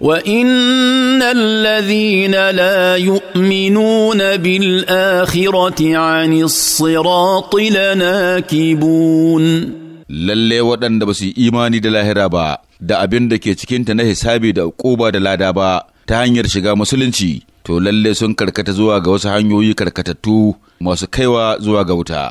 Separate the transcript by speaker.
Speaker 1: وان الذين لا يؤمنون بالاخره عن الصراط لناكبون
Speaker 2: lalle waɗanda ba su yi imani da lahira ba da abin da ke cikinta na hisabi da ƙuba da lada ba ta hanyar shiga musulunci to lalle sun karkata zuwa ga wasu hanyoyi karkatattu masu kaiwa zuwa ga wuta